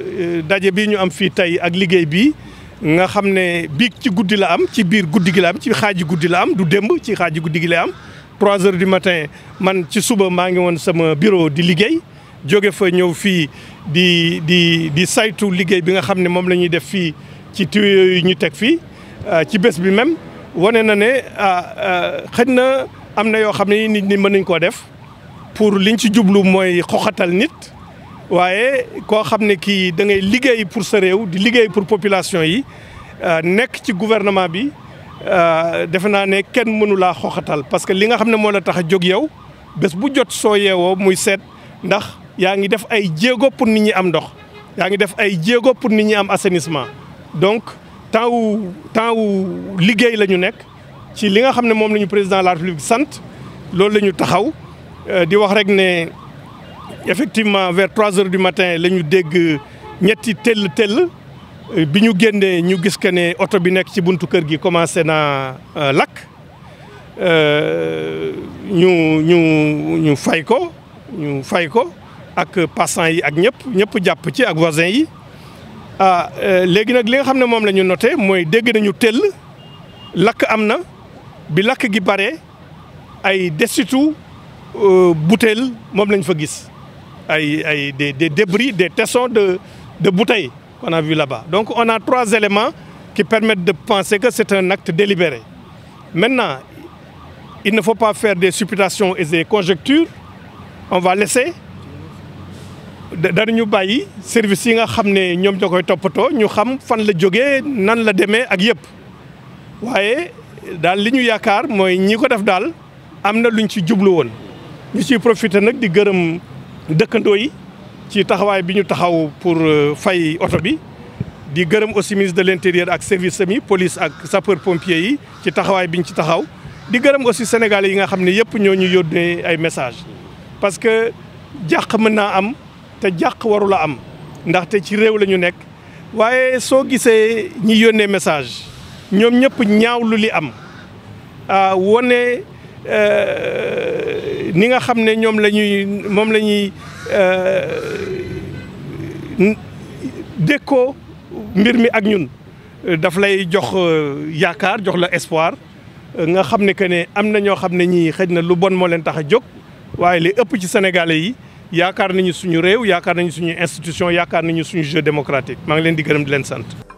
Euh, daje bi ñu am fii tey ak liggéey bi nga xam ne biig ci guddi la am ci biir guddi gi am ci xaaji guddi la am du démb ci xaaji guddi gi am trois heures du matin man ci suba maa ngi woon sama biro di liggéey joge fa ñëw fii di di di saytu liggéey bi nga xam ne moom lañuy def fii ci tuyaux yi ñu teg fi euh, ci bés bi même wane na ne ah, euh, xëy na am na yoo xam ne nit ñi mën nañ koo def pour liñ ci jublu mooy xoxatal nit waaye koo xam ne kii da ngay liggéey pour sa di liggéey pour population yi euh, nekk ci gouvernement bi euh, defe naa ne kenn mënu laa xoxatal parce que li nga xam ne moo la tax a jóg yow bés bu jot soo yeewoo muy seet ndax yaa ngi def ay jéego pour ni ñi am ndox yaa ngi def ay jéego pour ni ñi am assainissement donc temps wu temps wu liggéey la ñu nekk. ci li nga xam ne moom la ñu président la république sant loolu la ñu taxaw euh, di wax rek ne effectivement vers trois heures du matin la ñu dégg ñetti tell tell euh, bi ñu génnee ñu gis que ne oto bi nekk ci buntu kër gi commencé na euh, lakk ñu ñu ñu fay ko ñu fay ko ak passants yi ak ñëpp ñëpp jàpp ci ak voisins yi ah léegi nag li nga xam ne moom lañu note mooy dégg nañu tell lakk am na bi lakk gi bare ay desitu euh, butéel moom lañ fa gis ay ay des des débris des tessons de de bouteilles qu'on a vu donc on a trois éléments ki permettent de penser que c'est un acte délibéré maintenant il ne faut pas faire des supputations et des conjectures on va laisser ñu bàyyi service yi nga xam ne ñoom ñoo koy toppatoo ñu xam fan la jógee nan la demee ak yëpp waaye daal li ñu yaakaar mooy ñi ko def daal am na luñ ci jublu woon ñu ciy profité nag di gërëm dëkkandoo yi ci taxawaay bi ñu taxaw pour euh, fay oto bi di gërëm aussi ministre de l'intérieur ak service sami police ak sapeur pompier yi ci taxawaay bi ñu ci taxaw di gërëm aussi sénégalais yi nga xam ne yëpp ñoo ñu yónnee ay message parce que jàq mën naa am te jàq warula am ndaxte ci réew la ñu nekk waaye soo gisee ñi yónnee message ñoom ñëpp ñaaw lu li am ah, wane euh, ni nga xam ne ñoom la ñuy moom la ñuy euh, dékkoo mbir mi ak ñun daf lay jox euh, yaakaar jox la espoir nga xam ne que ne am na ñoo xam ne ñi xëj na lu bon moo leen tax a jóg waaye li ëpp ci sénégalais yi yaakaar nañu suñu réew yaakaar nañu suñu institution yaakaar nañu suñu jeu démocratique maa ngi leen di gërëm di leen sant